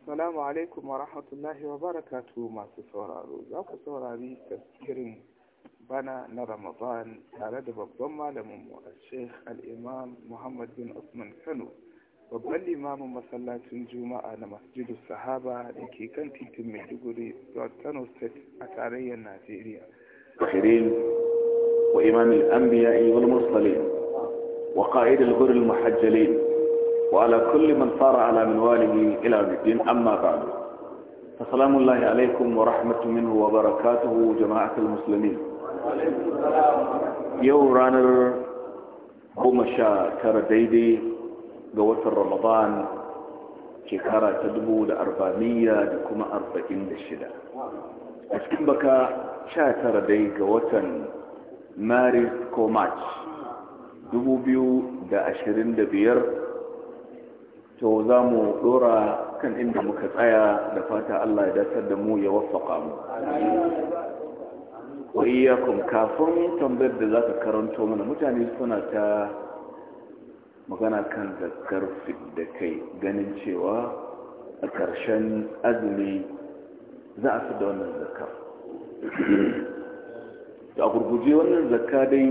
Assalamu alaikum wa rahmatullahi wa barakatu masu sauraro. Za ku saurari tafsirin bana na Ramadan tare da babban malamin mu a Sheikh Al-Imam Muhammad bin Usman Kano, babban limamin masallacin Juma'a na Masjidu Sahaba da ke kan titin Maiduguri, Kano State a tarayyar Najeriya. Kirim wa imam al wal mursalin wa qa'id al-ghurr al-muhajjalin وعلى كل من صار على منواله إلى الدين أما بعد فسلام الله عليكم ورحمة منه وبركاته جماعة المسلمين يو رانر قمشا كرديدي قوة رمضان شكارة تدبو لأربانية لكم أربعين للشدة أشكم بك شاكرة دي قوات مارس كوماتش دبو بيو دا أشرين دبير to za mu dora kan inda muka tsaya da fata Allah ya dasar da mu ya waffaka mu Ko iyyakum kafin tambayar da zaka karanto mana mutane suna ta magana kan zakar da kai ganin cewa a ƙarshen azumi za a fi da wannan zakar da gurguje wannan zakka dai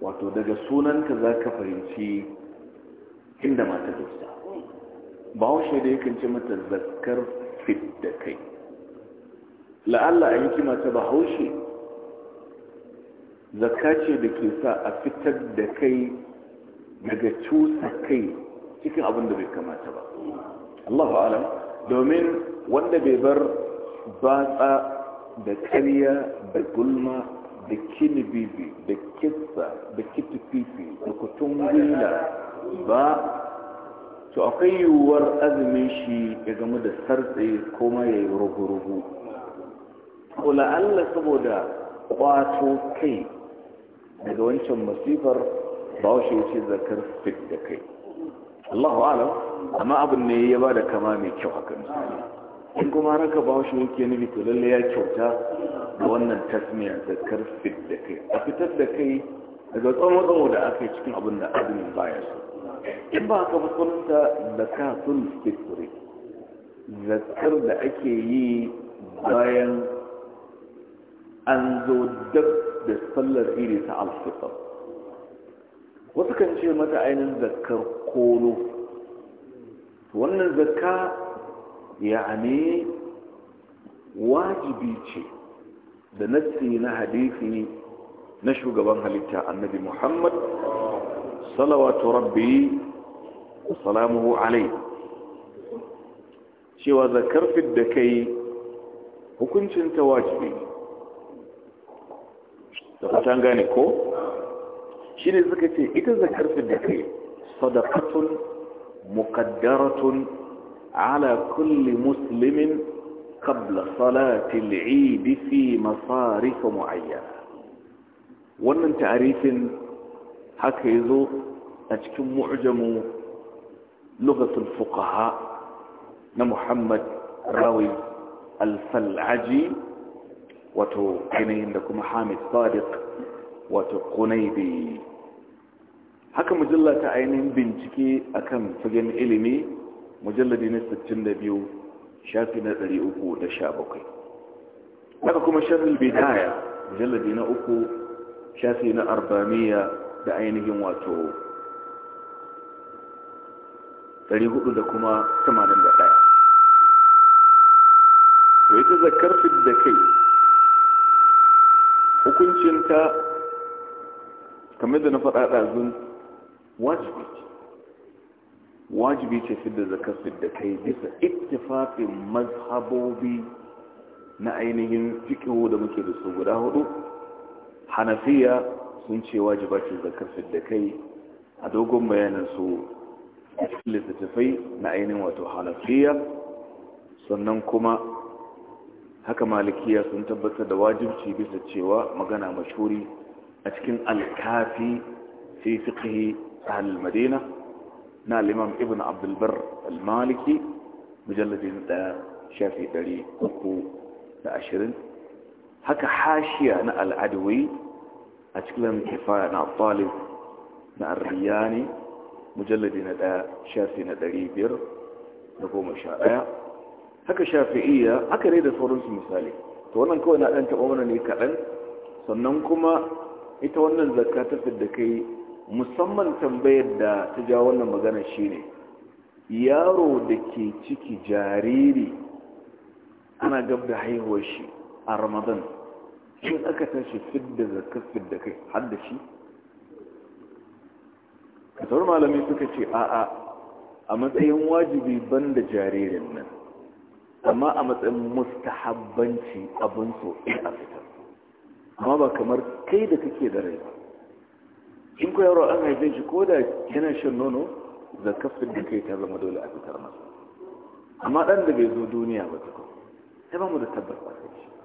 wato daga sunanka za ka fahimci inda mata dosa ba da yakan ce mata zakar fit da kai la'alla a yanki mata ba haushe zakka ce da ke sa a fitar da kai daga cusa kai cikin abin da bai kamata ba Allah alam domin wanda bai bar batsa da karya da gulma da kinibibi da kitsa da kitififi da kutun wila ba to akwai yiwuwar azumin shi ya gama da sartse kuma ya yi rugu-rugu Allah saboda kwato kai daga wancan masifar ba wa shi ce zakar fit da kai Allahu alam amma abin ne ya ba da kama mai kyau haka misali in kuma raka ba shi yake nufi to lalle ya kyauta da wannan tasmiya zakar fit da kai a fitar da kai daga tsawon tsawo da aka yi cikin abin da azumin baya su in ba ka da zakatul fitri zakar da ake yi bayan an zo dab da sallar iri ta alfitar wasu kan ce mata ainihin zakar kolo wannan zakka ya ne wajibi ce da nassi na hadisi na shugaban halitta annabi muhammad salawatu rabbi salamuhu alai cewa zakar da kai hukuncin wajibi da kutan gane ko shi ne suka ce ita zakar da kai sadakatun muqaddaratun ala kulli muslimin qabla salati al-eid fi masarif muayyana wannan ta'arifin haka ya zo a cikin mu'jamu lugatul fuqaha na muhammad rawi al-fal'aji wato ainihin da kuma hamid sadiq wato kunaibi haka mujalla ta ainihin bincike akan fagen ilimi mujalladi na 62 shafi na 317 haka kuma sharhul bidaya mujalladi na uku shafi na arbamiya da ainihin wato 400 da kuma 81 to ita zakar da kai hukuncinta kamar da na faɗa ɗazun wajibi wajibi ce da zakar da kai bisa ittifafin mazhabobi na ainihin fikihu da muke da su guda hudu hanafiya sun ce wajiba ce zakar da kai a dogon bayanin su cikin littattafai na ainihin wato halafiya sannan kuma haka malikiya sun tabbatar da wajibci bisa cewa magana mashuri a cikin alkafi fi fiqhi ahlul madina na liman imam ibn abdul bar al-maliki mujalladin da shafi ashirin haka hashiya na al a cikin kifaya na talib na arriyani mujalladi na ɗaya shafi na ɗari biyar na goma sha ɗaya haka shafi iya haka dai da sauransu misali to wannan kawai na ɗan taba mana ne kaɗan sannan kuma ita wannan zakka ta fidda kai musamman tambayar da ta ja wannan magana shi ne. yaro da ke ciki jariri ana gab da haihuwar shi a ramadan shin aka tashi fidda zakafin fidda kai har da shi kasar malamai suka ce a'a a matsayin wajibi banda jaririn nan amma a matsayin mustahabbanci abin so in a fitar amma ba kamar kai da kake da rai in ku yaro an haife shi ko da yana shan nono zakafin fidda kai ta zama dole a fitar masa amma ɗan da bai zo duniya ba ta kuma sai ba mu da da shi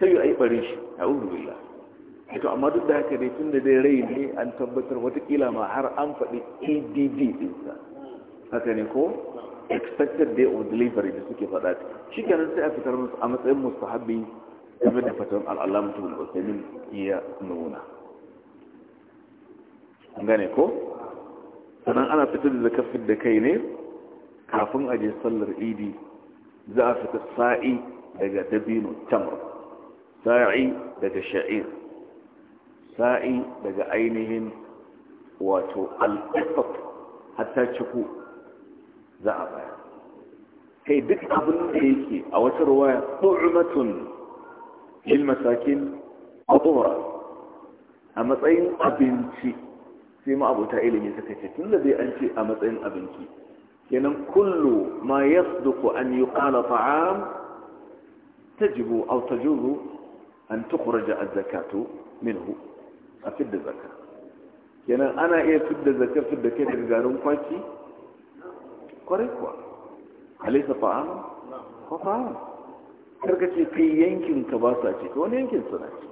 sai yi barin shi a wula ito amma duk da haka dai tun da dai rai ne an tabbatar watakila ma har an faɗi add ɗinsa haka ne ko expected day of delivery da suke faɗa shi kenan sai a fitar musu a matsayin musu mustahabbi game da fatan al'alamtu al wasannin iya nuna gane ko sannan ana fitar da zakafin da kai ne kafin a je sallar idi za a fita sa'i daga dabino tamar sa'i daga sha'ir sa'i daga ainihin wato al'ifat hatta ciku za a baya kai duk abin da yake a wata ruwaya tsohmatun ilmasakin a a matsayin abinci sai ma abota ilimi suka ce tun da zai an ce a matsayin abinci kenan kullu ma yasduku an yi kala ta'am tajibu au tajuzu an tukhraja az-zakatu minhu a fidda zakka kenan ana iya fidda zakar fidda kai daga garin kwaki kwarai kuwa alaysa fa'am ko fa'am karka ce kai yankin ka ba sa ce ko wani yankin suna ce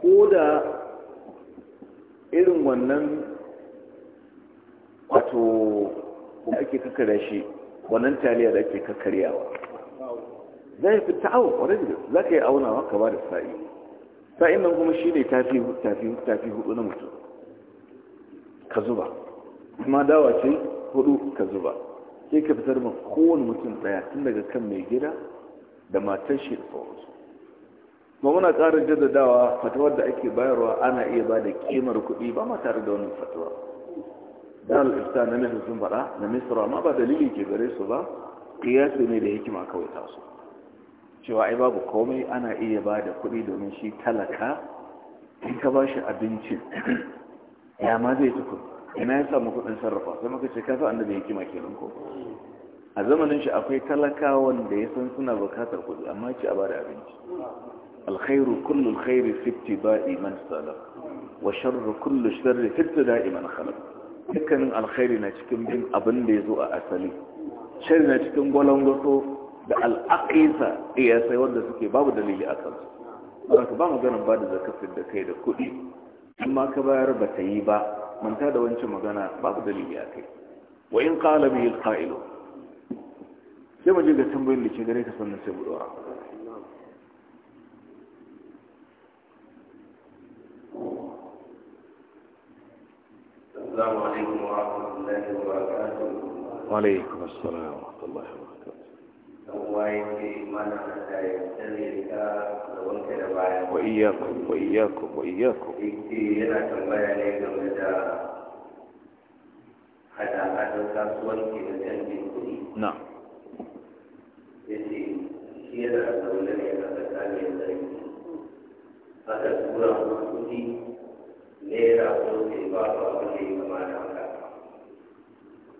ko da irin wannan wato da ake kakkara shi wannan taliya da ake kakkaryawa za fi fita awa ƙwarai da za ka yi aunawa ka ba da sa'i sa'in nan kuma shi ne tafi hudu na mutum ka zuba kuma dawa ce hudu ka zuba sai ka fitar ma kowane mutum daya tun daga kan mai gida da matar shi da sauransu ba muna ƙarin jaddadawa fatawar da ake bayarwa ana iya ba da kimar kuɗi ba ma tare da wannan fatawa dan al na misra sun faɗa na misra ma ba dalili ke gare su ba kiyasi ne da hikima kawai tasu cewa ai babu komai ana iya ba da kuɗi domin shi talaka in ka ba shi abinci ya ma zai tuku ina ya samu kuɗin sarrafa sai muka ce kasa annabi ya kima kenan ko a zamanin shi akwai talakawan da ya san suna bukatar kuɗi amma ci a ba da abinci alkhairu kullu alkhairi fi ittiba'i man salaf wa sharru kullu sharri fi da iman khalaq dukkanin alkhairi na cikin bin abin da ya zo a asali sharri na cikin gwalangwaso da ya sai wanda suke babu dalili a kansu ba ka ba maganar ba da zakafin da kai da kuɗi in ma ka bayar ba ta yi ba manta da wancan magana babu dalili a kai wa in ƙala mai al-qa'ilu sai mu je ga tambayin da ke gare ka sannan sai mu السلام عليكم ورحمة الله وبركاته وعليكم السلام ورحمة الله وبركاته wa iyakum wa iyakum wa iyakum yana tambaya ne game da kasuwanci kuɗi na ya yana naira ba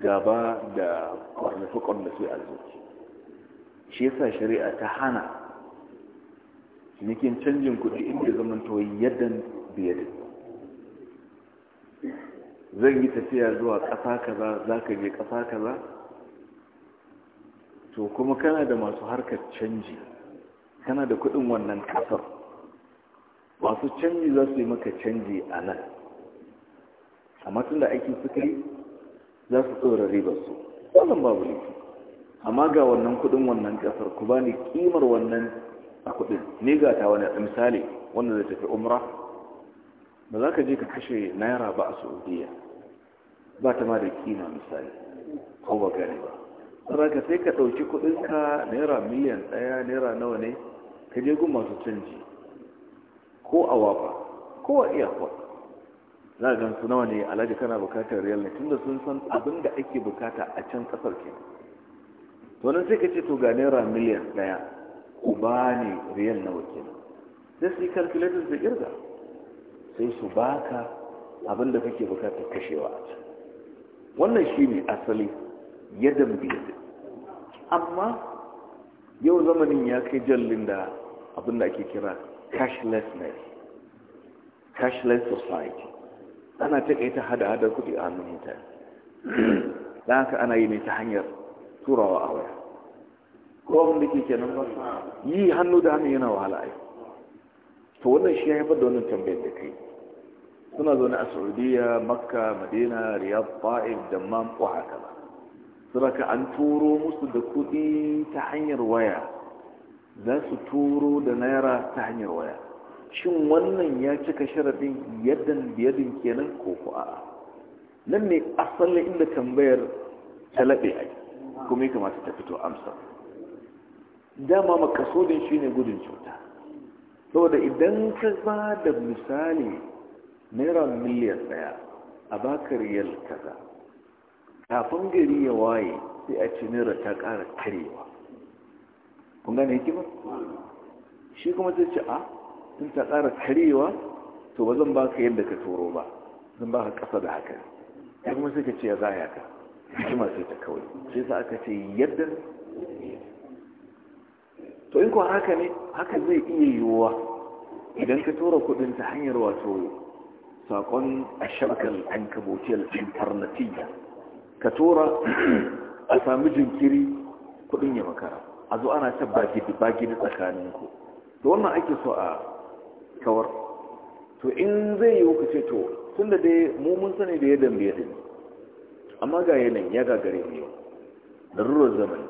gaba da kwarnafi da a zuci shi yasa shari'a ta hana nikin canjin kuɗi inda zaman to yadda biyar zan yi tafiya zuwa ƙasa kaza za ka je ƙasa kaza to kuma kana da masu harkar canji kana da kuɗin wannan ƙasar masu canji za su yi maka canji a nan a tun da aiki suka za su tsora ribar su wannan babu ne amma ga wannan kudin wannan kasar ku bani kimar wannan a kudin ni ga ta wani misali wanda zai tafi umra ba za ka je ka kashe naira ba a saudiya ba ta ma da kima misali ko ba gani ba saraka sai ka ɗauki kuɗinka naira miliyan ɗaya naira nawa ne ka je gun masu canji ko a wafa ko a iyakwa za a gansu nawa ne alhaji kana bukatar riyal ne tunda sun san abin da ake bukata a can kasar ke to sai ka ce to ga naira miliyan daya ku ba ne riyal na ke sai su yi calculator da kirga sai su baka abin da kake bukatar kashewa a can wannan shi ne asali yadda biyar amma yau zamanin ya kai jallin da abin da ake kira cashlessness cashless society ana ta hada hada kuɗi a hannun mutane da haka ana yi ne ta hanyar turawa a waya ko abin da ke kenan ba yi hannu da hannu yana wahala ai to wannan shi ya haifar da wannan tambayar da kai suna zaune a saudiya makka madina riyadh ta'if dammam ko haka ba ka an turo musu da kuɗi ta hanyar waya za su turo da naira ta hanyar waya shin wannan ya cika sharaɗin yaddan biyadin kenan ko ko nan ne asalin inda tambayar ta laɓe kuma ya kamata ta fito amsa dama makasodin shine gudun cuta saboda idan ka ba da misali naira miliyan daya a baka riyal kaza kafin gari ya waye sai a ci naira ta ƙara karewa kun gane kima? shi kuma zai ci a ah, in ta ƙara karewa to ba zan ba ka yadda ka toro ba zan ba ka ƙasa da haka ya kuma sai ka ce ya zaya ka hikima sai ta kawai sai sa aka ce yadda to in kuwa haka ne haka zai iya yiwuwa idan ka tura kudin ta hanyar wato saƙon a shabakar an kabotiyar internatiya ka tura a sami jinkiri kudin ya makara a zo ana ta bagidi bagidi tsakaninku to wannan ake so a kawar to in zai yi wuka ce to tun da dai mummun sani da ya dambe din amma ga yanayin ya gagare ne yau da rurar zamani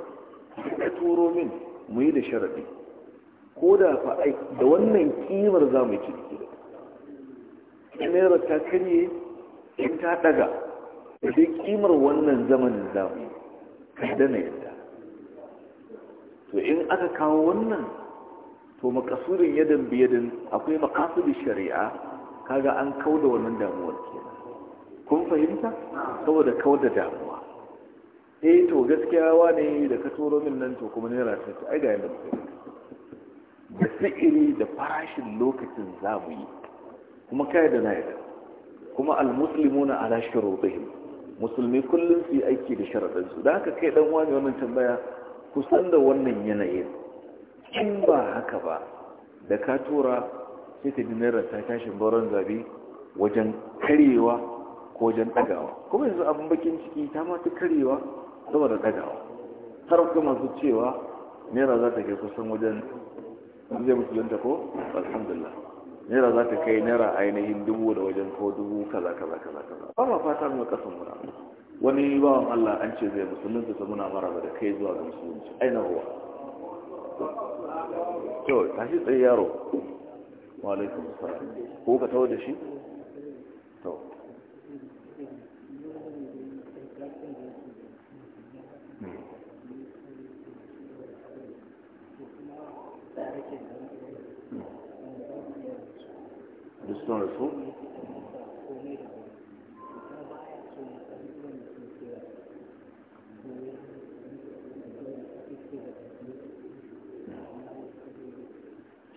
ka turo min mu yi da sharaɗi ko da fa da wannan kimar za mu yi ciki da naira ta karye in ta daga da dai kimar wannan zamanin yi kada na yadda to in aka kawo wannan to makasurin yadan biyadin akwai makasudin shari'a kaga an kauda wannan damuwar kenan kun fahimta saboda kauda damuwa eh to gaskiya wane da ka turo min nan to kuma naira ta ai ga yanda da sa'iri da farashin lokacin zamu yi kuma kai da nayi kuma almuslimuna ala shurutihim musulmi kullum su yi aiki da sharadansu da haka kai dan wani wannan tambaya kusan da wannan yanayin in ba haka ba da ka tura sai ta bi naira ta tashin baron zabe wajen karyewa ko wajen ɗagawa kuma yanzu abin bakin ciki ta ma ta karyewa saboda ɗagawa har kuma masu cewa naira za ta ke kusan wajen zai musulunta ko alhamdulillah naira za ta kai naira ainihin dubu da wajen ko dubu kaza kaza kaza kaza ba ma fata mu kasan muna wani bawan Allah an ce zai musulunta ta muna maraba da kai zuwa ga musulunci aina huwa to tashi tsaye yaro wa alaikum salam ko ka tawo da shi to Just don't assume.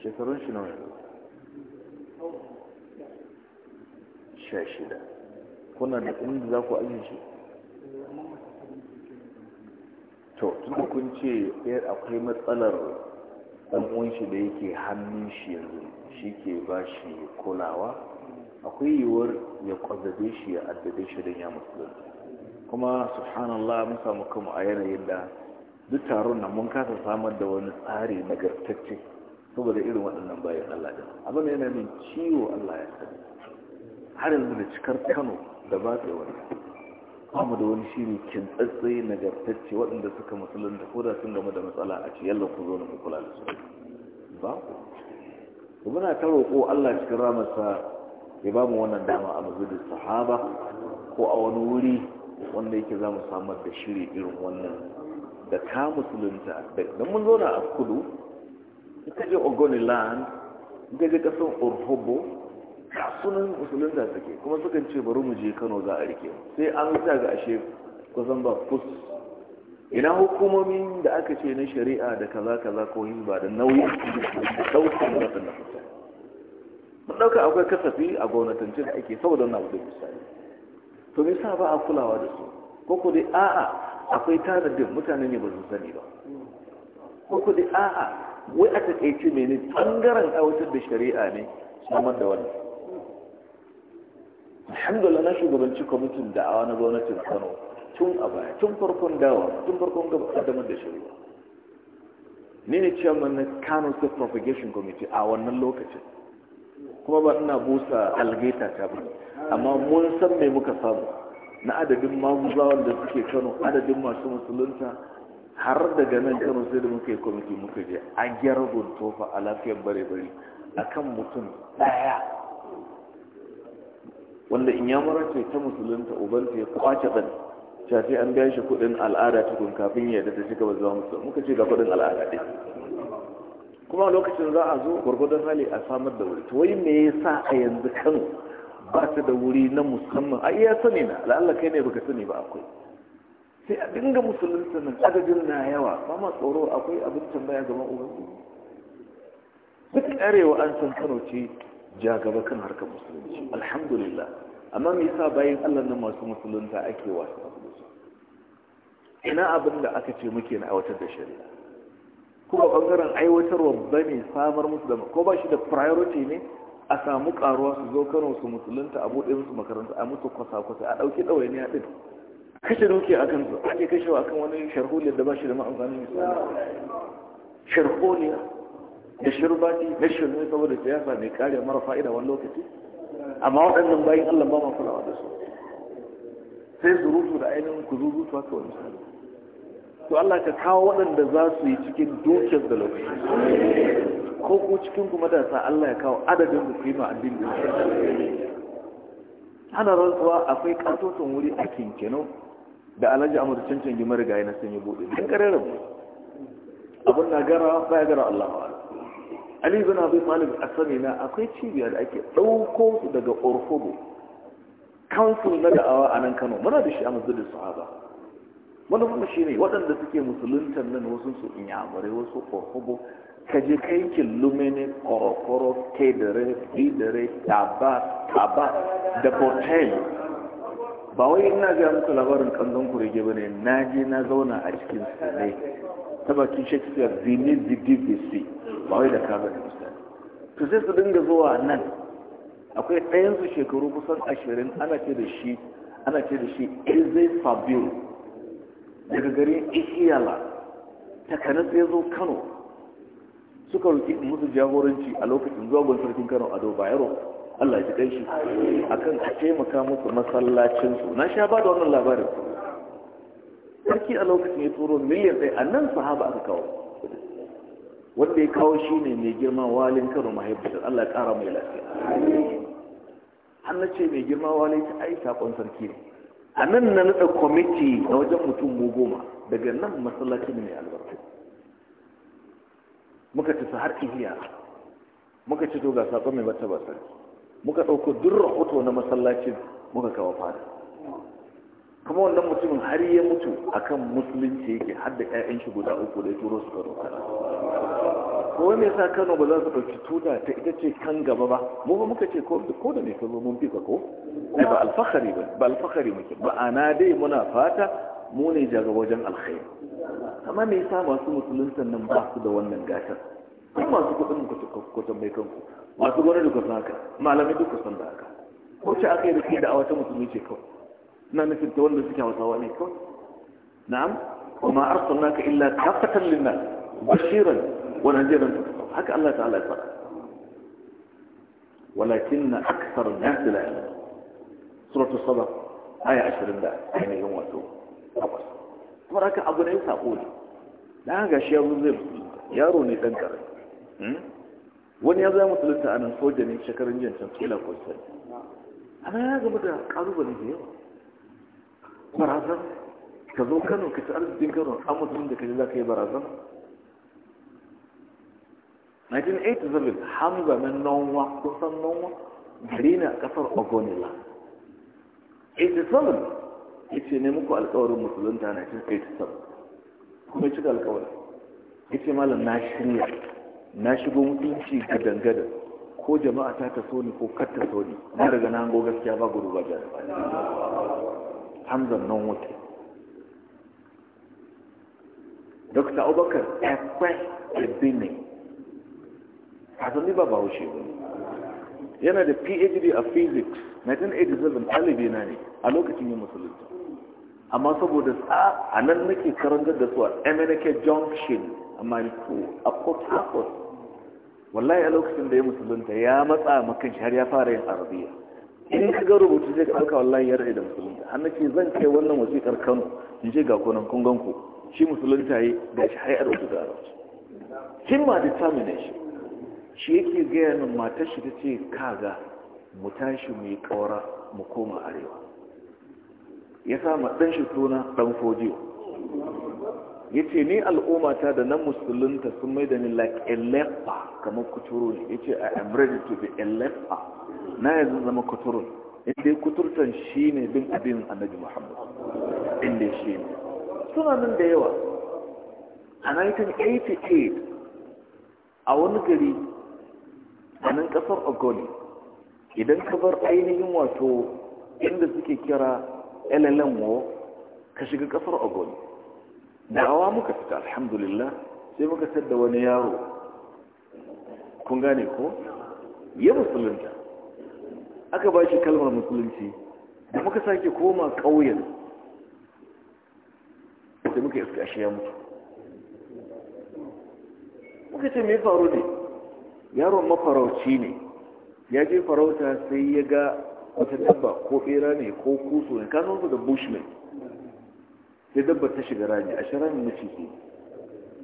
shekarun shi nawa sha shida kuna da inda za ku ajiye shi to tun kun ce eh, akwai matsalar ɗan shi da yake hannun shi yanzu shi ke ba shi kulawa akwai yiwuwar ya kwazabe shi ya addabe shi don ya musulunta kuma subhanallah mun samu kama a yanayin da duk taron na mun kasa samar da wani tsari nagartacce saboda irin waɗannan bayan Allah ɗin abin ne yana min ciwo Allah ya sani har yanzu da cikar Kano da ba ta wani kuma da wani shiri kintsatse nagartacce waɗanda suka musulun da koda sun gama da matsala a ce yalla ku zo na kula da su ba ku ku muna ta roƙo Allah cikin ramarsa ya ba mu wannan dama a mazubin sahaba ko a wani wuri wanda yake za mu samar da shiri irin wannan da ka musulunta da mun zauna a kudu in je ogoniland in ka je kasan orhobo kasunan musulunta suke kuma sukan ce bari mu je kano za a rike sai an sa ga ashe kusan ba kus ina hukumomin da aka ce na shari'a da kaza kaza ko ba da nauyi da ɗaukar mutum na kusa. mun ɗauka akwai kasafi a gwamnatance da ake saboda na abu misali to me sa ba a kulawa da su ko ko dai a'a akwai tanadin mutane ne ba su sani ba ko ko dai a'a wai a takaice mene a aiwatar da shari'a ne saman da wani. alhamdulillah na shugabanci kwamitin da'awa na gwamnatin kano tun a baya tun farkon dawa tun farkon gaba kaddamar da shari'a ni ne chairman na kano state propagation committee a wannan lokacin kuma ba ina busa algeta ta ba amma mun san me muka samu na adadin maguzawan da suke kano adadin masu musulunta har daga nan kano sai da muka yi kwamiti muka je a gyara guntofa a lafiyar bare-bare a kan mutum ɗaya wanda in yamura ce ta musulunta ubanta ya kwace ɗan shafi an biya shi kuɗin al'ada tukun kafin ya da ta shiga ba zuwa musulun muka ce ga kuɗin al'ada ɗin kuma lokacin za a zo gwargwadon hali a samar da wuri wai me yasa a yanzu kano ba ta da wuri na musamman a iya sani na la'alla kai ne baka sani ba akwai sai a dinga musulunta nan adadin na yawa ba ma tsoro akwai abin tambaya gama ubangiji duk arewa an san kano ce ja gaba kan harkar musulunci alhamdulillah amma me yasa bayan Allah nan masu musulunta ake wasu ina abin da aka ce muke na aiwatar da shari'a kuma bangaren aiwatarwa ne samar musu da ko ba shi da priority ne a samu karuwa su zo kano su musulunta a buɗe musu makaranta a musu kwasa-kwasa a ɗauki ɗawainiya ɗin kashe dukiya akan su ake kashewa kan wani sharholiyar da ba shi da ma'amfanin misali sharholiya da shirbati na shirme saboda siyasa mai kare mara fa'ida wani lokaci amma waɗannan bayan allah ba ma kulawa da su sai su rutu da ainihin ku haka wani misali to allah ka kawo waɗanda za su yi cikin dukiyar da lokaci ko ku cikin kuma da sa allah ya kawo adadin da su yi ma addini ana rantsuwa akwai ƙatoton wuri a kinkenau da alhaji amur cancan gima riga yana sun yi buɗe don kare rabu abin na gara baya gara allah wa ali bin abu malik a sani na akwai cibiya da ake ɗauko daga orfobo kansu na da'awa a nan kano muna da shi a masjidin sahaba kuma shi ne waɗanda suke musuluntar nan wasu su inyamurai wasu orfobo ka je kai yankin korokoro kedere bidere taba taba da portel ba wai ina ga muku labarin kanzon kurege bane na je na zauna a cikin su ne ta bakin shakespeare the ba wai da ka da misali to sai su dinga zuwa nan akwai ɗayansu shekaru kusan ashirin ana ce da shi ana ce da shi eze fabio daga garin ihiyala takanas sai zo kano suka roƙi musu jagoranci a lokacin zuwa sarkin kano a ado bayero Allah ji gaishe akan a taimaka musu masallacin su na sha ba da wannan labarin sarki a lokacin ya turo miliyan ɗaya a nan sahaba aka kawo wanda ya kawo shi ne mai girma walin karo mahaifisar Allah ya ƙara mai lafiya Allah ce mai girma walin ta ai sakon sarki ne a nan na naɗa kwamiti na wajen mutum mu goma daga nan masallacin ne mai albarka muka ci su har ihiya muka ci to ga sakon mai wata ba sarki muka ɗauko duk rahoto na masallacin muka kawo fada kuma wannan mutumin har ya mutu a kan musulunci yake har da ƴaƴan shi guda uku da ya turo su kano Ko ko ya sa Kano ba za su ɗauki tuta ta ita ce kan gaba ba mu ba muka ce ko da ne ka zo mun fi ka ko ba alfahari ba ba alfahari muke ba ana dai muna fata mu ne jaga wajen alkhairi amma me yasa masu musulunci nan ba su da wannan gatar kuma masu kuɗin ku ku kanku masu gwada da kusan haka malamai duk kusan da haka ko ce aka yi da ke da awata musulmi ce kawai na nufin ta wanda suke hausawa ne kawai na'am kuma arsalna ka illa kafatan linnas bashiran wa nadhiran haka Allah ta'ala ya faɗa walakin akthar an-nas la ya'lamun suratul sabah aya 20 da ainihin wato kuma haka abu ne sako ne dan ga shi yaro zai yaro ne dan karatu wani ya zama musulunta a nan soja ne shekarun jiya can kila kwasai amma ya gaba da ƙalubale da yawa barazan ka zo kano ka ci arzikin kano an musulun da ka ji za ka yi barazan 1987 hamza na nonwa kusan nonwa gari a ƙasar ogonila 87 ya ce ne muku alkawarin musulunta 1987 kuma ya cika alkawarin ya ce malam na shirya na shigo mutunci ga dangada ko jama'a ta taso ni ko kar ta so ni na daga nan go gaskiya ba gudu ba jar hamzan nan wuce. dr abubakar ekwe ebene ni ba ba haushe yana da phd a physics 1987 ɗalibi na ne a lokacin yin musulunci amma saboda a nan nake karantar da su a mnk junction a maliku a port harcourt wallahi a lokacin da ya musulunta ya matsa makan shi har ya fara yin arabiya in ka ga rubutu zai ɗauka wallahi ya rage da musulunta har nake zan kai wannan wasiƙar kano in ce ga kunan kun gan ku shi musulunta yi da shi har rubutu da arabci himma determination shi yake gaya min matar shi ta ce kaga mu tashi mu yi ƙaura mu koma arewa ya sa ma ɗan shi suna ɗan fojiyo ya ce ni al'ummata da na musulunta sun mai da ni like a leper kamar kuturu ne ya ce i am ready to be a leper na yanzu zama kuturu inda kuturtan shi ne bin abin annabi muhammad inda shi ne suna nan da yawa a 1988 a wani gari a nan kasar ogoni idan ka bar ainihin wato inda suke kira llmo ka shiga kasar ogoni da'awa muka fita alhamdulillah sai muka sadda wani yaro kun gane ko ya musulunta aka ba shi kalmar musulunci da muka sake koma ƙauyen sai muka iska shi ya mutu muka ce mai faru ne yaron mafarauci ne ya je farauta sai ya ga wata dabba ko ɓera ne ko kuso ne kasan su da bushmen sai dabba ta shiga rami a shi maciji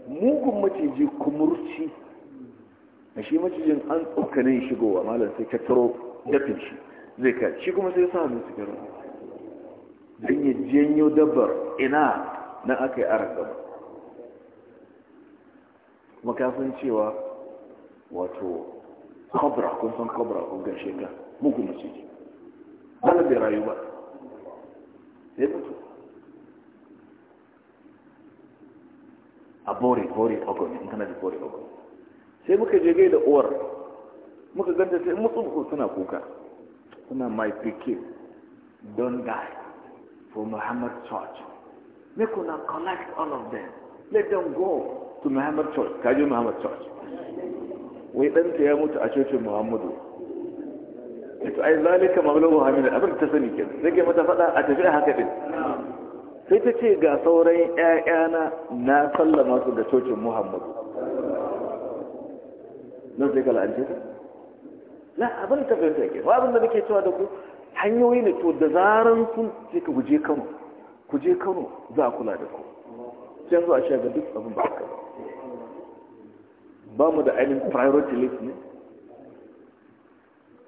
mugun maciji kumurci a shi macijin an tsokanin shigowa malam sai ka taro dafin shi zai ka shi kuma sai sa su gara don yi janyo dabbar ina na aka yi ara gaba kuma kafin cewa wato kobra kun san kobra kun gashe ka mugun maciji malam bai rayu ba sai mutu kore kore ogomi in kana da kore ogomi sai muka je gai da uwar muka ganta sai mutsu suna kuka suna my pikin don die for Muhammad Church. Make una collect all of them. Let them go to Muhammad Church. Kaji Muhammad Church. Wai ta ya mutu a cocin Muhammadu. ita ai zalika maglaba Muhammadu abin ta sani ke. mata faɗa a tafi haka din sai ta ce ga sauran ‘ya'yana na sallama su da cocin muhammadu na sai kala'ance ta? na abin ta ke ba abin da nake cewa da ku hanyoyi ne to da zaran sun sai ka guje kano guje kano za a kula da ku can zuwa ga duk abin ba ka ba mu da ainihin priority list ne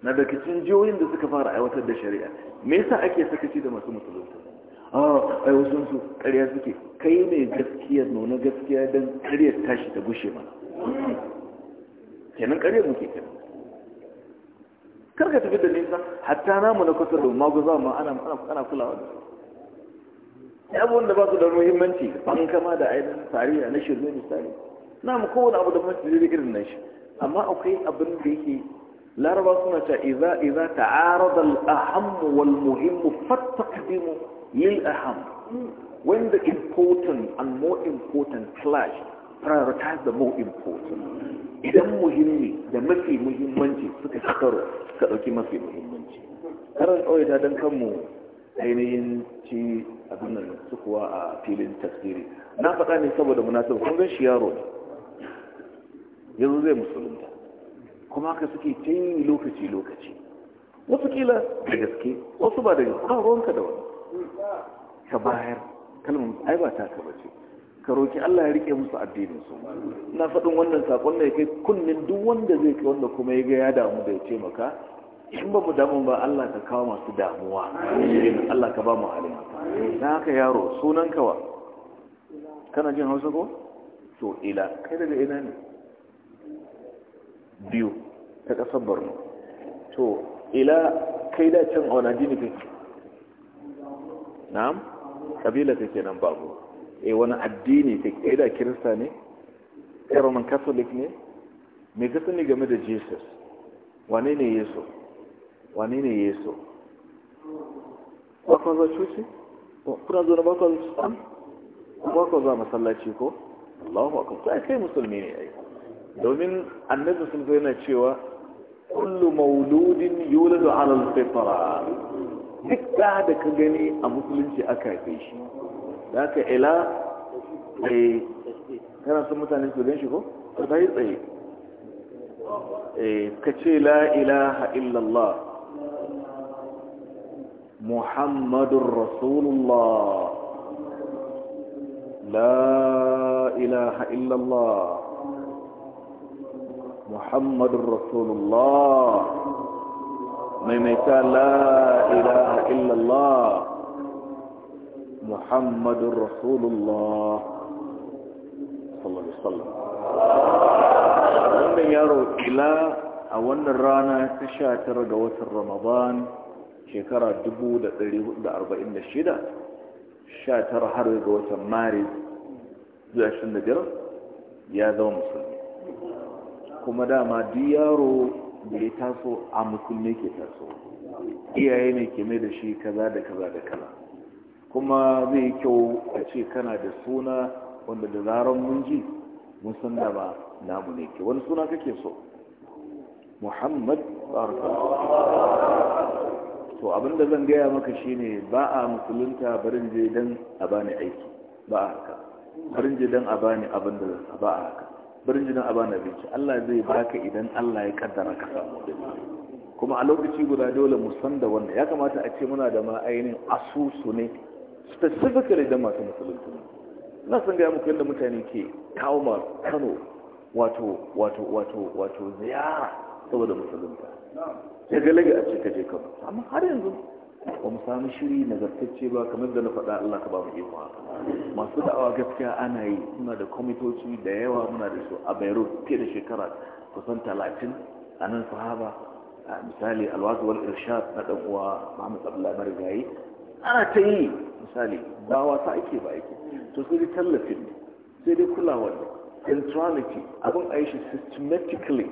na da kicin jiyoyin da suka fara aiwatar da shari'a me yasa ake sakaci da masu musulunta A ah, ai wasu su ƙarya suke kai ne gaskiya nuna gaskiya don ƙarya tashi ta gushe mana kenan ƙarya muke kan karka tafi da nisa hatta namu na kusa da maguza ma ana kulawa da su abubuwan da ba su da muhimmanci ban kama da ainihin tarihi na shirme misali na namu kowane abu da muhimmanci da irin nan shi amma akwai abin da yake laraba suna cewa iza iza ta'arada al-aham wal muhim fastaqdimu lil aham when the important and more important clash prioritize the more important idan muhimmi da mafi muhimmanci suka karo ka ɗauki mafi muhimmanci karar kawai ta don kanmu ainihin ci abin nan su kuwa a filin tasiri na faɗa ne saboda munasaba kun gan shi yaro ne yanzu zai musulunta kuma haka suke ta yi lokaci lokaci wasu kila da gaske wasu ba da gaske ka ruwanka da wani ka bayar kalmar ai ba taka bace ka roki Allah ya rike musu addinin su ina faɗin wannan sakon ne kai kullun duk wanda zai kai wanda kuma ya ga ya damu da ya ce maka in ba mu damu ba Allah ka kawo masu damuwa Allah ka ba mu halin na haka yaro sunan kawa kana jin hausa ko to ila kai daga ina ne biyu ta ƙasar borno to ila kai da can a wani jini kai na'am kabila ta nan babu eh wani addini ta kai da kirista ne kai roman catholic ne me ka sani game da jesus wane ne yesu wane ne yesu ba kwa zuwa Ko kuna zuwa ba kwa zuwa Ko kwa za masallaci ko allahu akwai kai kai musulmi ne ai domin annabi sun zo yana cewa kullu mauludin yuladu ala al-fitra duk da da ka gani a musulunci aka kai shi da ka ila eh kana son mutane su gan shi ko ka tayi tsaye eh ka ce la ilaha illallah muhammadun rasulullah la ilaha illallah muhammadun rasulullah ميميتان لا إله إلا الله محمد رسول الله صلى الله عليه وسلم ومن يروا إلى أولا رانا تشاتر قوات رمضان شكرا جبودة لهذا أربعين الشدة شاتر حرق قوات مارز ذو عشرين يا ذو مسلم كما دام دياروا da ya taso a musulmi ke taso iyaye ne ke mai da shi kaza da kaza da kaza kuma zai yi kyau a ce kana da suna wanda da zarar mun ji mun san da ba namu ne ke wani suna kake so muhammad barka to abinda zan gaya maka shine ba a musulunta barin je dan a bani aiki ba a haka barin je dan a bani abin da ba a haka birnin a bana abinci Allah zai baka idan Allah ya kaddara ka kuma a lokaci guda dole mu san da wannan ya kamata a ce muna da ma ainihin asusu ne specifically da masu musulunci na san gaya muku yadda mutane ke kawo ma kano wato wato wato wato ziyara saboda musulunta ya galaga a cikin kaje kano amma har yanzu ba mu sami shiri nagartacce ba kamar da na faɗa Allah ka ba mu iko haka masu da'awa gaskiya ana yi muna da kwamitoci da yawa muna da su a Beirut fiye da shekara kusan talatin a nan sahaba a misali alwazu wal irshad na dan uwa Muhammad Marigayi ana ta yi misali ba wasa ake ba ake to sai dai tallafin sai dai kulawa centrality abin a yi shi systematically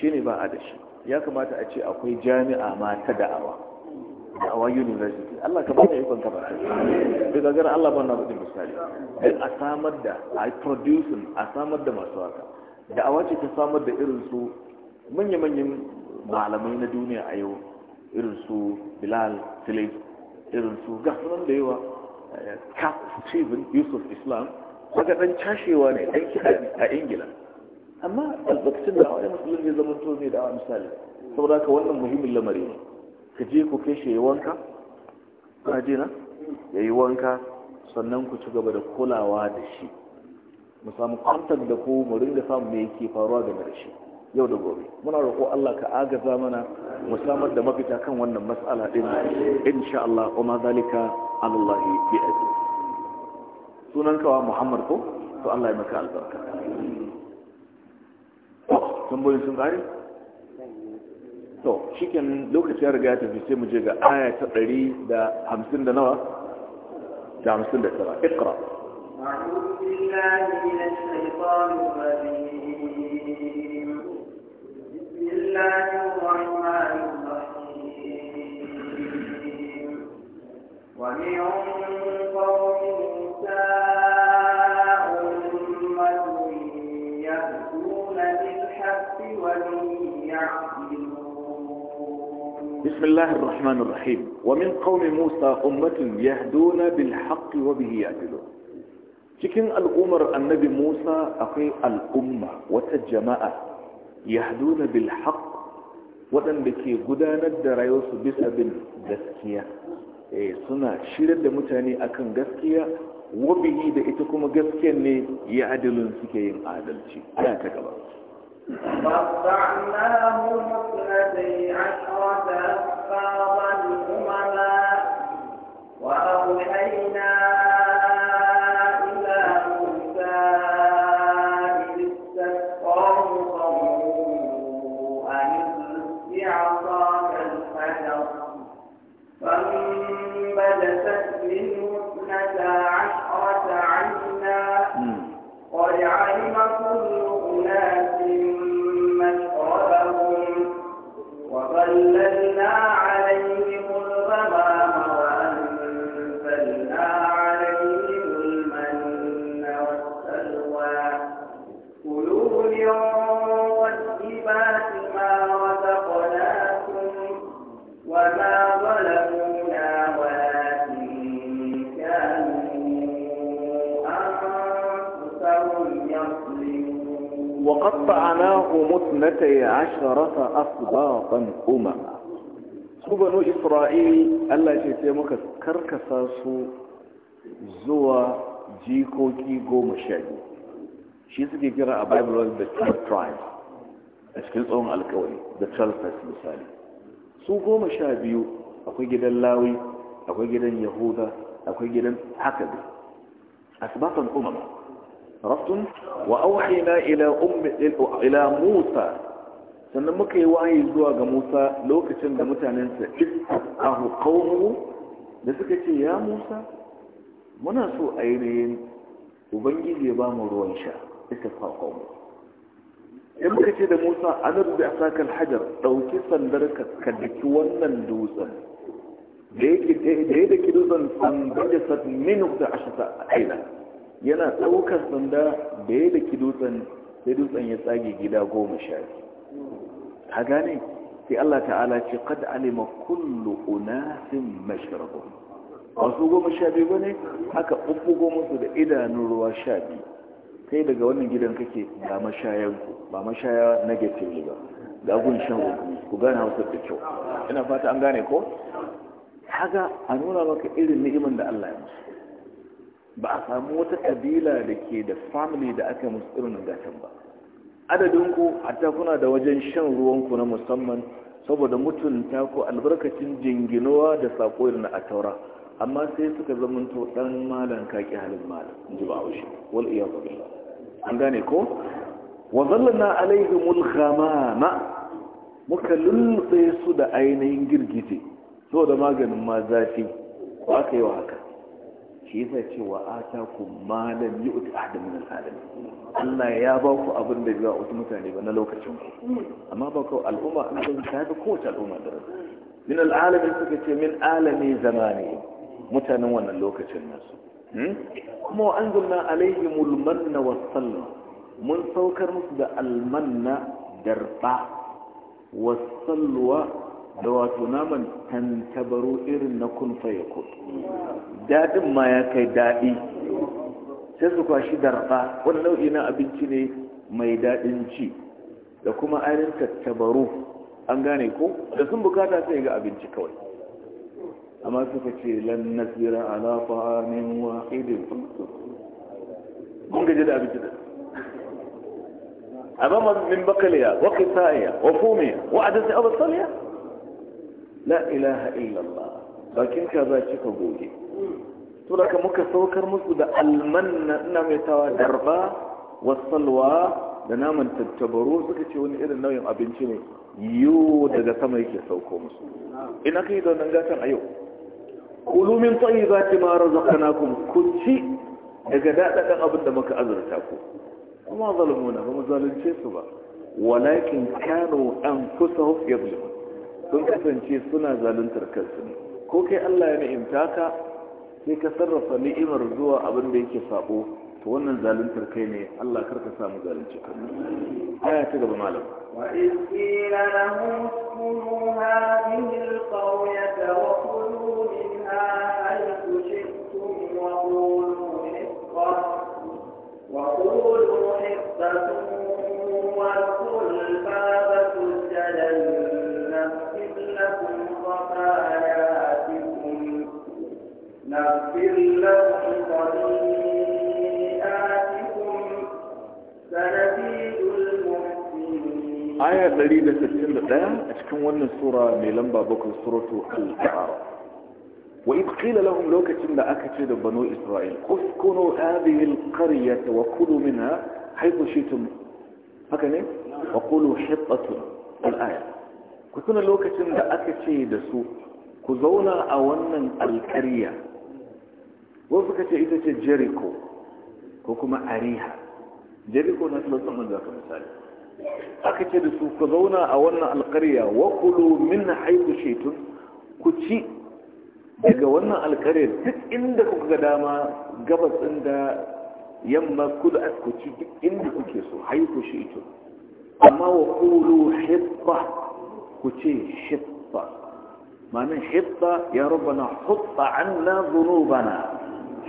shine ba a da shi ya kamata a ce akwai jami'a ma ta da'awa da awa university Allah ka bada ikon ka bata sai ga gara Allah bana mutum misali duk a samar da a producing a samar da masu haka da awa ce ta samar da irin su manya-manyan malamai na duniya a yau irin su Bilal Silai irin su gasunan da yawa eh, Cap Stephen Yusuf Islam daga dan cashewa ne dan kiɗa a Ingila amma albakcin da awa ya musulun zama to ne da a misali saboda ka wannan muhimmin lamari ne ka je ku kai shi wanka ba ji ya yi wanka sannan ku ci gaba da kulawa da shi mu samu kwantar da ku mu ringa samu mai yake faruwa game da shi yau da gobe muna roƙo Allah ka agaza mana mu samar da mafita kan wannan mas'ala din insha Allah wa ma zalika Allah bi aziz sunan kawa Muhammad ko to Allah ya maka albarka tambayoyin sun kare to shikin lokaci ya riga ya tafi sai mu je ga aya ta 150 da nawa da 59 ikra أعوذ بالله من الشيطان الرجيم بسم الله الرحمن الرحيم ومن قوم موسى أمة يهدون بالحق وبه يعدلون cikin al'ummar annabi Musa akwai al'umma wata jama'a yahduna bil haqq waɗanda ke gudanar da rayuwarsu bisa bin gaskiya eh, suna shirar da mutane akan gaskiya wabihi da ita kuma gaskiyar ne ya adalin suke yin adalci ana ta gaba وقطعناهم اثنتي عشرة أسفارا أمما وأوحينا وقطعناه مثنتي عشرة أصباطا أمما su banu isra'il allah ce sai muka karkasa su zuwa jikoki goma sha biyu shi suke kira a bible the twelve tribes a cikin tsohon alkawari the twelve tribes misali su goma sha biyu akwai gidan lawi akwai gidan yahuda akwai gidan hakabi asbatan umama عرفتم وأوحينا إلى أم ila musa sannan muka yi wahayi zuwa ga Musa lokacin da mutanensa ahu qaumu da suka ce ya Musa muna so ainihin ubangiji ya ba mu ruwan sha ita fa qaumu in muka ce da Musa anar bi asaka alhajar dauki sandar ka kaddaki wannan dutsen da yake da yake dutsen san da minhu da ashata yana ɗaukar sanda da ya daki dutsen sai dutsen ya tsage gida goma sha ha gane sai Allah ta'ala ce kad alima kullu unasin mashrabu wasu goma sha biyu bane ne aka goma musu da idanun ruwa sha biyu kai daga wannan gidan kake ga mashayanku ba mashaya negative ba ga gun shan ku gane hausa da kyau ina fata an gane ko haga a nuna maka irin ni'iman da Allah ya musu ba a samu wata kabila da ke da family da aka musu irin gatan ba adadin ku hatta kuna da wajen shan ruwan ku na musamman saboda mutunta ku albarkacin jinginowa da sako irin a taura amma sai suka to dan malan kaki halin malan ji ba haushi wal iya billah an gane ko wa zallana alaihimul ghamama muka sai su da ainihin girgije saboda maganin ma zafi ko aka yi wa haka shi yasa cewa atakum ma lam yu'ti ahadan min al Allah ya ba ku abin da ba wasu mutane ba na lokacin ku amma ba kawai al'umma an ga ta ga kowace al'umma da rasu min al suka ce min alami zamani mutanen wannan lokacin nasu hmm? kuma wa anzalna alaihim al-manna was-salwa mun saukar musu da al-manna darba was-salwa da wato naman tantabaru irin na kun faye daɗin ma ya kai daɗi sai su kwashi darɓa wani nau'i na abinci ne mai daɗin ci da kuma ainihin tattabaru an gane ko da sun bukata sai ga abinci kawai amma suka ce lan nasira ala fa'amin wahidin mun gaji da abinci da amma min bakaliya wa kisaiya wa fumiya wa adasi saliya la ilaha illallah bakin za ki ka goge turaka muka saukar musu da almanna ina mai tawa darba wasalwa da naman tattabaro suka ce wani irin nau'in abinci ne yiwu daga sama yake sauko musu ina kai da wannan gatan a yau Kulumin min tayyibati mara zakana ku ci daga dadadan abin da muka azurta ku kuma zalumuna ba mu zalunce su ba walakin kanu anfusahum yadhlimun sun kasance suna zaluntar kansu ne ko kai Allah ya ni'imta ka sai ka sarrafa ni'imar zuwa abin da yake sabo to wannan zaluntar kai ne Allah kar karka samu zalunci ka aya ta gaba malam وإذ قيل لهم اسكنوا هذه القرية وكلوا منها حيث شئتم وقولوا حصة وقولوا حصة aya 161 a cikin wannan sura mai lamba bakwai suratu al-a'raf wa id qila lahum lokacin da aka ce da banu isra'il uskunu hadhihi al-qaryata wa kulu minha haythu shi'tum haka ne wa qulu hitatun al-aya ku tuna lokacin da aka ce da su ku zauna a wannan alƙarya wasu ka ce ita ce jericho ko kuma ariha jericho na filosofi da aka misali aka ce da su ku zauna a wannan alkariya wa kulu min haiku shetun ku ci daga wannan alƙaryar duk inda kuka ga dama gabas da yamma kudu a ku ci duk inda kuke so haiku shetun amma wa kulu hibba ku ce hibba ma'anin hibba ya an na zunubana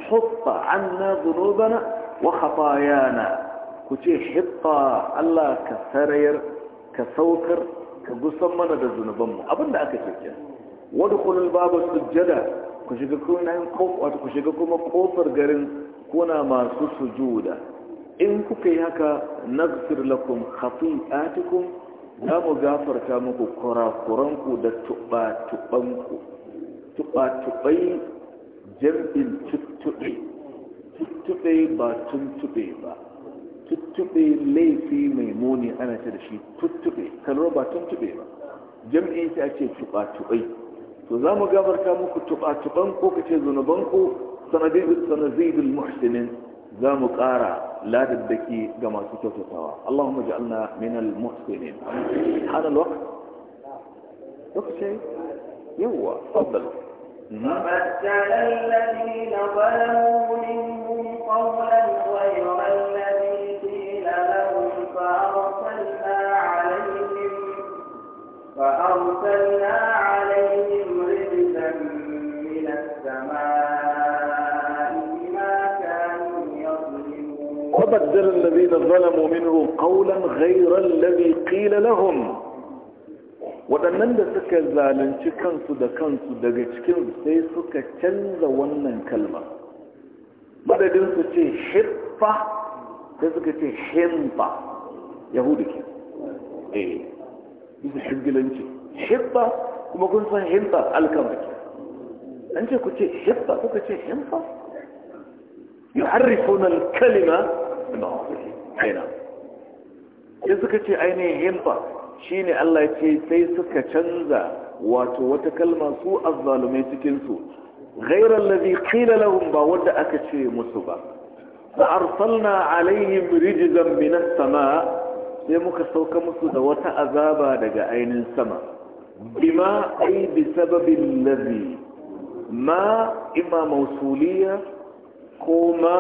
dhunubana an na zunubana wa khatayana ku ce hitta Allah ka sarayar ka saukar ka gusan mana da zunubanmu abinda aka ce ke wadkhulul Babu sujjada ku shiga kuna ku shiga kuma kofar garin kuna masu sujuda in kuka yi haka nagsir lakum khati'atikum za mu gafarta muku kurakuranku da tuba-tubanku tuba-tubai jam'in tuttuɓe tuttuɓe ba tuntuɓe ba tuttuɓe laifi mai muni ana ce da shi tuttuɓe kalro ba tuttuɓe ba jam'i ta ce tuɓa-tuɓai to za mu gabarta muku tuɓa-tuɓan ko ka ce zunuban ku sanadidul muhsinin za mu ƙara ladaddaki ga masu kyautatawa Allahumma ja'alna min al-muhsinin hada lokaci lokaci yawa tabbata mhm. فبدل الذين ظلموا منهم قولا فأرسلنا عليهم رجزا من السماء بما كانوا يظلمون وبدل الذين ظلموا منهم قولا غير الذي قيل لهم waɗannan da suka zalunci kansu da kansu daga cikin sai suka canza wannan kalma madadin su ce hiffa sai suka ce himba yahudi ke bisa hibba kuma kun san hibba alkama an ce ku ce hibba kuka ce hibba yi harrifon alkalima na aina ya suka ce ainihin himba shi ne Allah ce sai suka canza wato wata kalma su azzalumai cikinsu kila ba wadda aka ce musu ba مصبا arsalna عليهم رجزا من السماء sai muka sauka musu da wata azaba daga ainihin sama bima ai bi sababin lazi ma imma mausuliya ko ma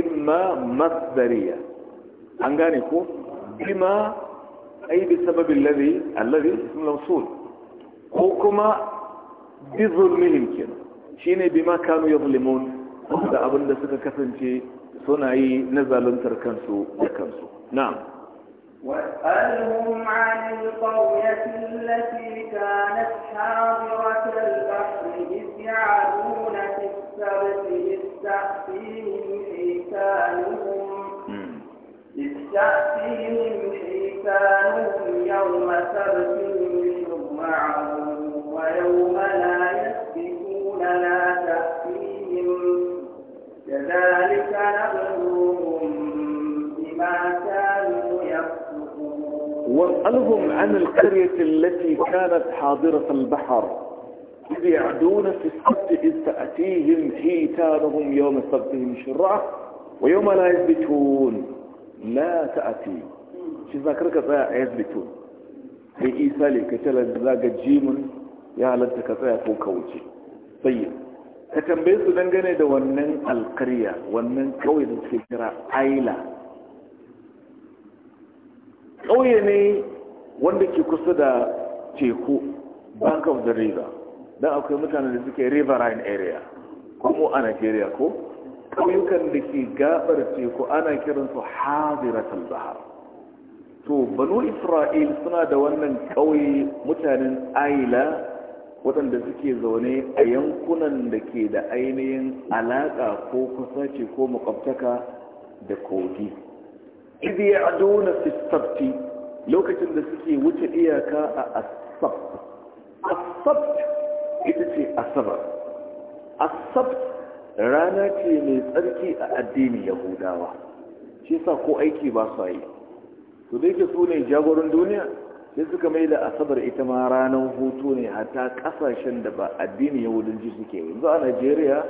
imma masdariya an gane ko bima ai bi sababin lazi allazi mausul ko kuma bi zulmihim Shi ne bima kanu yuzlimun da abin da suka kasance suna yi na zaluntar kansu da kansu na'am واسألهم عن القرية التي كانت حاضرة البحر إذ يعدون في السبت إذ تأتيهم حيتانهم إذ تأتيهم حيتانهم يوم سبتهم شرعا ويوم لا يسبتون لا تأتيهم كذلك نبلوهم بما واسألهم عن القرية التي كانت حاضرة البحر إذ يعدون في السبت إذ تأتيهم حيتانهم يوم سبتهم شرعة ويوم لا يثبتون لا تأتي شو ذاكرك لا يثبتون في إيسالي كتلا ذاك جيم يا لنتك فوق كوجي طيب ka tambaye دوانن القرية وانن wannan alkarya wannan عيلة ƙauye ne wanda ke kusa da teku bank of the river don akwai mutane da suke riverine area kuma a nigeria ko ƙauyukan da ke gabar teku ana kiransu haziratul bahar to banu isra'il suna da wannan ƙauye mutanen aila waɗanda suke zaune a yankunan da ke da ainihin alaƙa ko kusa ce ko makwabtaka da kogi ya ya'duna fi lokacin da suke wuce iyaka a as-sabt ita ce asabar as rana ce mai tsarki a addini yahudawa shi sa ko aiki ba su yi su da yake su ne jagoran duniya sai suka mai da asabar ita ma ranar hutu ne hata kasashen da ba addinin yahudanci suke yanzu a najeriya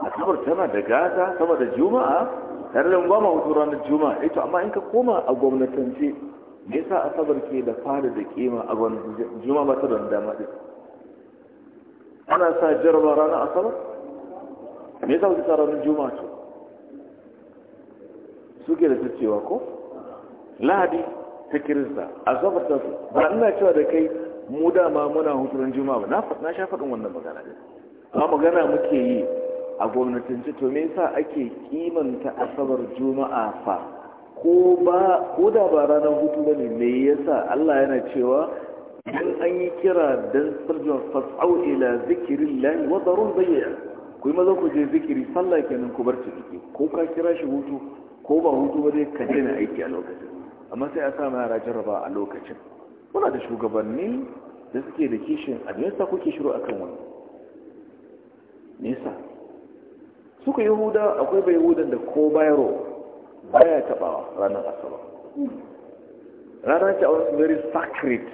asabar tana da gata sama da juma'a tare da ba ma hutu ranar juma'a ito eh amma in ka koma a gwamnatance me yasa asabar ke da fara da kima a gwamnatance juma'a ba ta da dama din ana sa jarba ranar asabar me yasa tsara ranar juma'a to suke da cewa ko lahadi ta kirista asabar ta su ba ina cewa da kai mu dama muna hutu ranar juma'a ba na sha faɗin wannan magana din ba magana muke yi a gwamnatance to me yasa ake kimanta asabar juma'a fa ko ba ko da ba ranar hutu bane me yasa Allah yana cewa in an yi kira dan sarjo fas'au ila zikrillahi wa darun bayya ku yi maza ku je zikiri sallah kenan ku bar ciki ko ka kira shi hutu ko ba hutu ba dai ka dena aiki a lokacin amma sai a sa yara jarraba a lokacin muna da shugabanni da suke da kishin a kuke shiru akan wani me suka yahuda akwai bai yahudan da ko bayro baya tabawa ranar asaba ranar ta wasu very sacred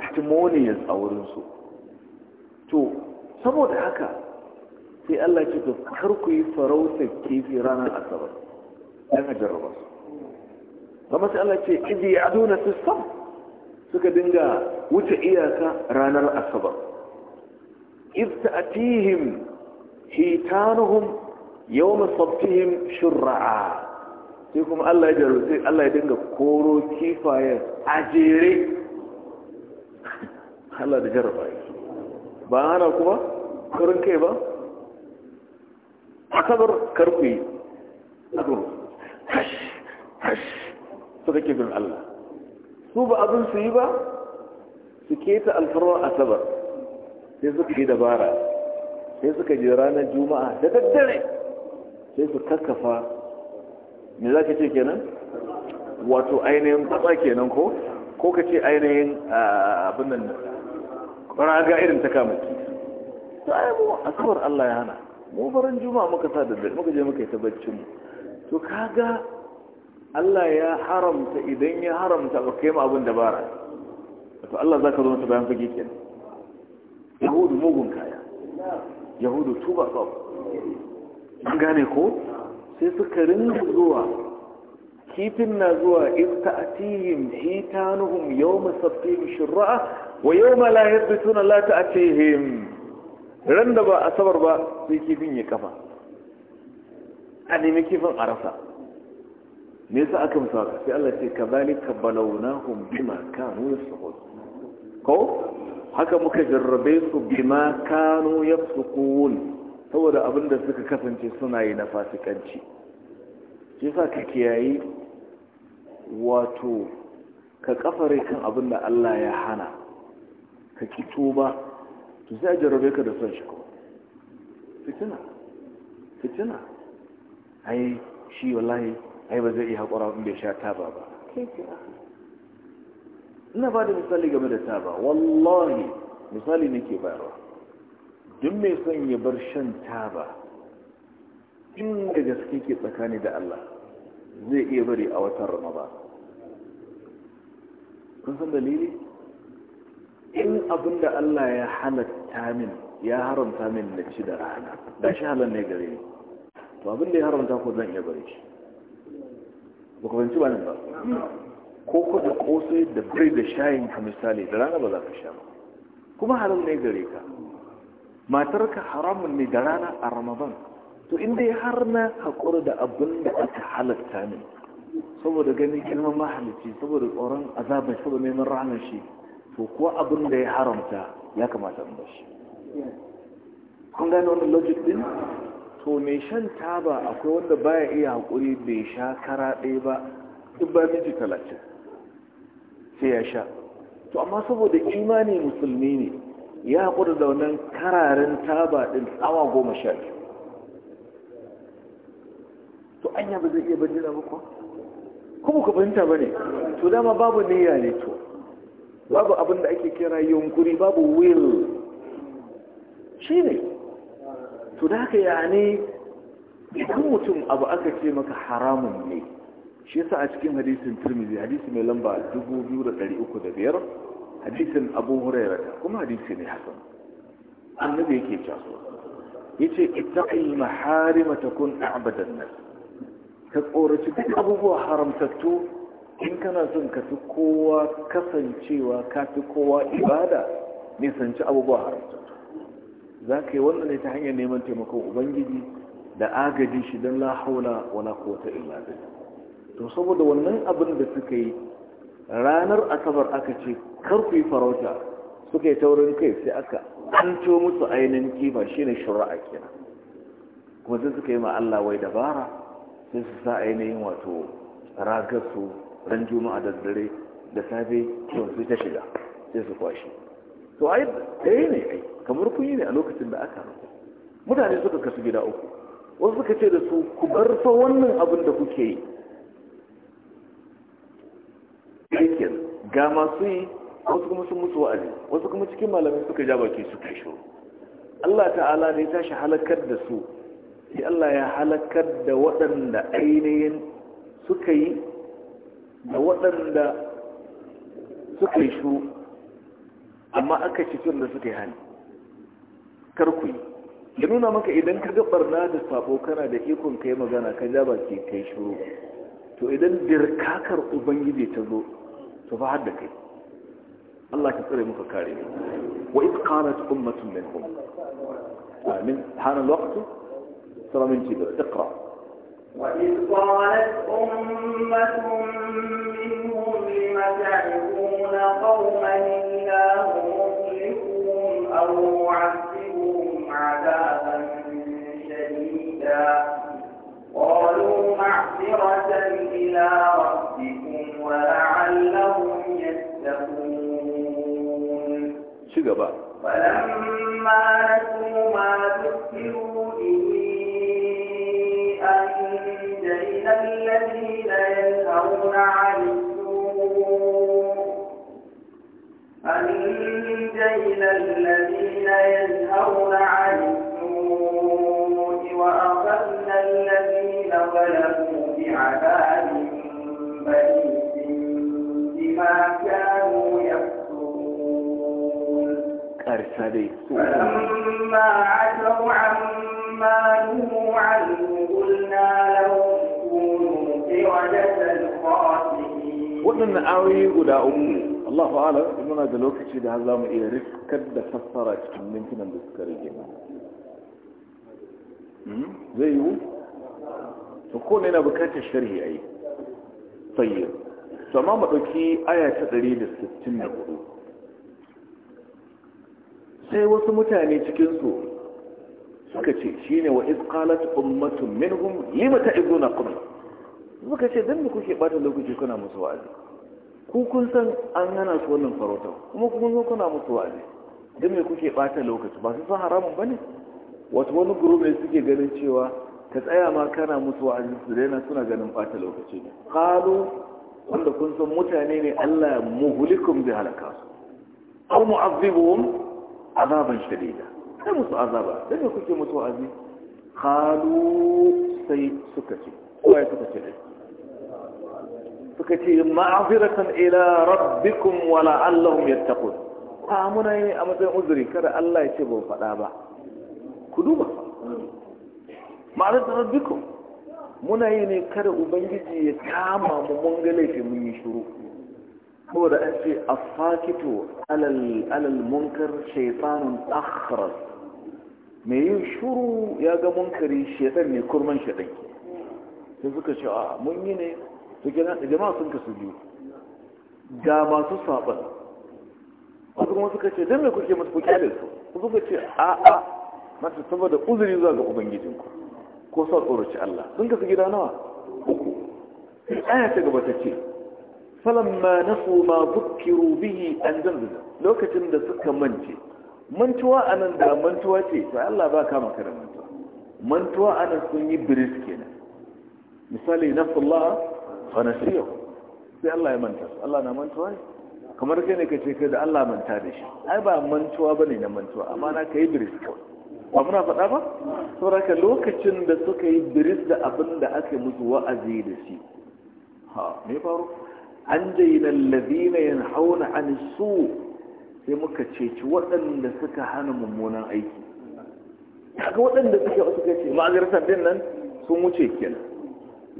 testimonies a wurinsu to saboda haka sai Allah ce to kar ku yi farautar kifi ranar asabar dan a jarraba sai Allah ce idi aduna sistam suka dinga wuce iyaka ranar asabar iz atihim hitanuhum yawma sabtihim shurra'a sai kuma Allah ya jarumce Allah ya dinga koro kifayen a jere Allah da jarraba yake ba hana kuma karin kai ba akabar karfe abin hash hash suka ke bin Allah su ba abin su yi ba su keta alfarwa asabar sai suka yi dabara sai suka je ranar juma'a da daddare sai su kakkafa me za ka ce kenan wato ainihin kwatsa kenan ko ko ka ce ainihin abin raga irin ta kama ki to ai mu asabar Allah ya hana mu barin juma'a muka sa daddare muka je muka yi ta baccin mu to kaga Allah ya haramta idan ya haramta ba kai mu abin dabara to Allah zaka zo mata bayan fage kenan yahudu mugun kaya yahudu tuba sau an gane ko sai suka rinda zuwa kifin na zuwa a ta'atihim hitanuhum yawma sabtihim shurra'a wa yawma la yathbituna la ta'atihim ran da ba a asabar ba sai kifin ya kafa a nemi kifin a rasa me yasa aka musaka sai Allah ce ka balawnahum bima kanu yasqut ko haka muka jarrabe su bima kanu yafsukun saboda abin da suka kasance suna yi na fasikanci shi sa ka kiyayi wato ka kafare kan abin da Allah ya hana ka ki tuba to sai jarrabe ka da son shi ko fitina fitina ai shi wallahi ai ba zai iya haƙura in bai sha taba ba ina ba da misali game da taba wallahi misali nake bayarwa duk mai son ya bar shan taba inda gaske ke tsakani da Allah zai iya bari a watan ramaba kun san dalili in abin da Allah ya halatta min ya haramta min na ci da rana da shi halar ne gare ni to abin da ya haramta ko zan iya bari shi ba ku fahimci ba nan ba ko da ƙosai da bai da shayin ka misali da rana ba za ka sha ba kuma haram ne gare ka matarka haramun ne da rana a ramadan to inda ya har na haƙura da abin da aka halatta ne saboda ganin kilman mahalici saboda tsoron azabar saboda neman ranar shi to kuwa abin da ya haramta ya kamata in bashi kun gane logic din to mai shan taba akwai wanda baya iya haƙuri bai sha kara ɗaya ba duk ba miji talatin sai ya sha to amma saboda imani musulmi ne ya haƙura da wannan kararen taba ɗin tsawa goma sha biyu to anya ba zai iya bajin ba Ko kuma ku fahimta ba ne to dama babu niyya ne to babu abin da ake kira yunkuri babu will shi ne to da haka ya ne idan mutum abu aka ce maka haramun ne shi yasa a cikin hadisin turmizi hadisi mai lamba 2305 hadisin abu huraira kuma hadisi ne hasan annabi yake cewa yace ittaqi maharima takun an nas ka tsoraci duk abubuwa haramtattu in kana son ka fi kowa kasancewa ka fi kowa ibada sanci abubuwa haramtattu za ka yi wannan ne ta hanyar neman taimakon ubangiji da agaji shi don la haula wala quwwata illa billah to saboda wannan abin da suka yi ranar asabar aka ce karfi farauta suka yi taurin kai sai aka hanto musu ainihin kifa shine shura'a kina kuma sai suka yi ma Allah wai dabara sai su sa ainihin wato ragarsu ran juma'a da dare da safe kyau su ta shiga sai su kwashe to ai yi ne ai kamar kun yi ne a lokacin da aka rufe mutane suka kasu gida uku wasu suka ce da su ku barfa wannan abin da kuke yi aikin ga masu yi wasu kuma sun mutu wa'azi wasu kuma cikin malamai suka ja baki su kai shuru Allah ta'ala ne tashi halakar da su sai Allah ya halakar da waɗanda ainihin suka yi da waɗanda suka yi shuru amma aka ci da suka yi hannu karku yi ya nuna maka idan ka ga barna da sabo kana da ikon kai magana ka ja baki kai shuru to idan dirkakar ubangiji ta zo ففهدك الله كفر مفكارين وإذ قالت أمة منهم من حان الوقت صلى من جيبه اقرأ وإذ قالت أمة منهم لم تعرفون قوما إلا مطلقهم أو معذبهم عذابا شديدا قالوا معذرة إلى ربكم ولعلهم يتقون شكرا فلما نسوا ما ذكروا به أن Allah dai amma atau amma nuhu anhu qulna lahum kunu qiradatan khasi'in wannan ayoyi guda uku Allah fa'ala muna da lokaci da za mu iya riskar da fassara cikin mintunan da suka rage zai yiwu to ko ne na bukatar sharhi ai tayyib to amma mu dauki aya ta 164 sai wasu mutane cikinsu suka ce shi ne wa isqalat ummatun minhum lima ta'izuna qum suka ce dan me kuke bata lokaci kuna musu wa'azi ku kun san an hana su wannan farautar kuma kun zo kuna musu wa'azi dan me kuke bata lokaci ba su san haramun bane wato wani group suke ganin cewa ka tsaya ma kana musu wa'azi su daina suna ganin bata lokaci ne qalu wanda kun san mutane ne Allah ya muhlikum bi halaka su aw mu'azzibuhum azaban shadida sai musu azaba da me kuke musu azi qalu sai suka ce kowa suka ce da suka ce ma'afiratan ila rabbikum wa la'allahum yattaqun a muna yi a matsayin uzuri kada Allah ya ce ban faɗa ba ku duba ma'afiratan rabbikum muna yi ne kada ubangiji ya kama mu mun ga mun yi shiru saboda an ce a fakito alal munkar shaitanun akharar mai yin shuru ya ga munkari shaitan ne kurman shaɗai sai suka ce a mun yi ne su gina jama'a sun kasu biyu ga masu saɓan wasu kuma suka ce don mai kuke masu kuke da su suka ce a a masu saboda uzuri zuwa ga ubangijinku ko sa tsoroci Allah sun kasu gida nawa uku aya gaba ta ce falamma nasu ma zukkiru bihi an zanzan lokacin da suka mance mantuwa anan da mantuwa ce to Allah ba kama kada mantuwa mantuwa anan sun yi biris kenan misali Allah fa nasiyo sai Allah ya manta Allah na mantuwa ne kamar kai ne ka ce kai da Allah manta da shi ai ba mantuwa bane na mantuwa amma na kai biris kawai ba muna faɗa ba saboda lokacin da suka yi biris da abin da aka musu wa'azi da shi ha me faru an jaina alladhina yanhauna an su sai muka ceci waɗanda suka hana mummunan aiki kaga waɗanda suka suka ce ma'azartar din nan sun wuce kenan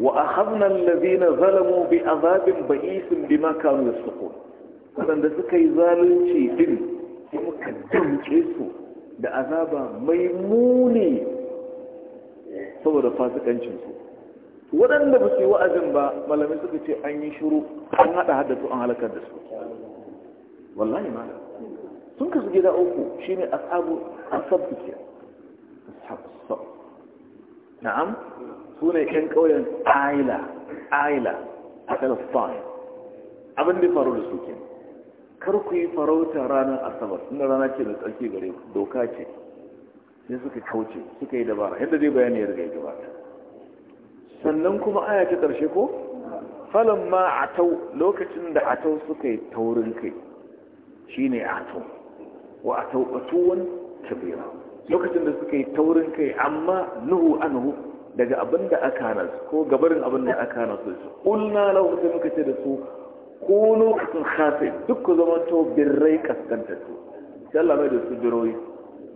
wa akhadna alladhina zalamu bi azabin ba'isin bima kanu yasqun waɗanda suka yi zalunci din sai muka damce su da azaba mai muni saboda fasikancin su waɗanda ba su yi wa'azin ba malamai suka ce an yi shiru an haɗa su an halakar da su wallahi ma sun kasu gida uku shi ne ashabu ashabu ke ashabu sab na'am su ne ƴan ƙauyen aila aila a palestine abin da faru da su ke kar ku yi farauta ranar asabar inda rana ce da tsarki gare ku doka ce sai suka kauce suka yi dabara yadda zai bayani ya ya gabata sannan kuma aya ta ƙarshe ko falon ma a tau lokacin da a tau suka yi taurin kai shi ne a tau wa a tau ɓatuwan tabira lokacin da suka yi taurin kai amma nuhu anhu daga abin da aka nasu ko gabarin abin da aka nasu. su ƙulna lokacin muka ce da su ko lokacin hafi duk ku zama to birrai kaskantattu sai Allah mai da su birrai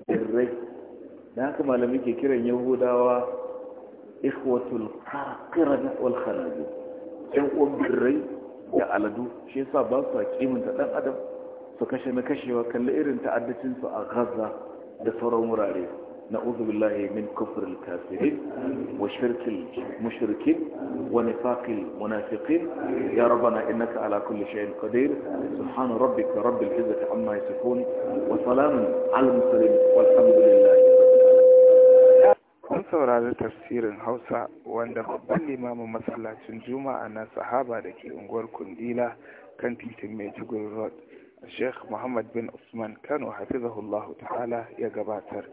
birrai da haka malami ke kiran yahudawa إخوة القرقرة والخرج يقوم بالري يا ألدو شيء صعب صعب من تدام أدم سكشة مكشة وكل إيرن تعدتين فأغزة دفر مراري نعوذ بالله من كفر الكافرين وشرك المشركين ونفاق المنافقين يا ربنا إنك على كل شيء قدير سبحان ربك رب العزة عما يصفون وسلام على المسلمين والحمد لله kun saurari tafsirin hausa wanda babban limamin masallacin juma'a na sahaba da ke unguwar kundila kan titin maiduguri road sheikh muhammad bin usman kano hafizahullahu ta'ala ya gabatar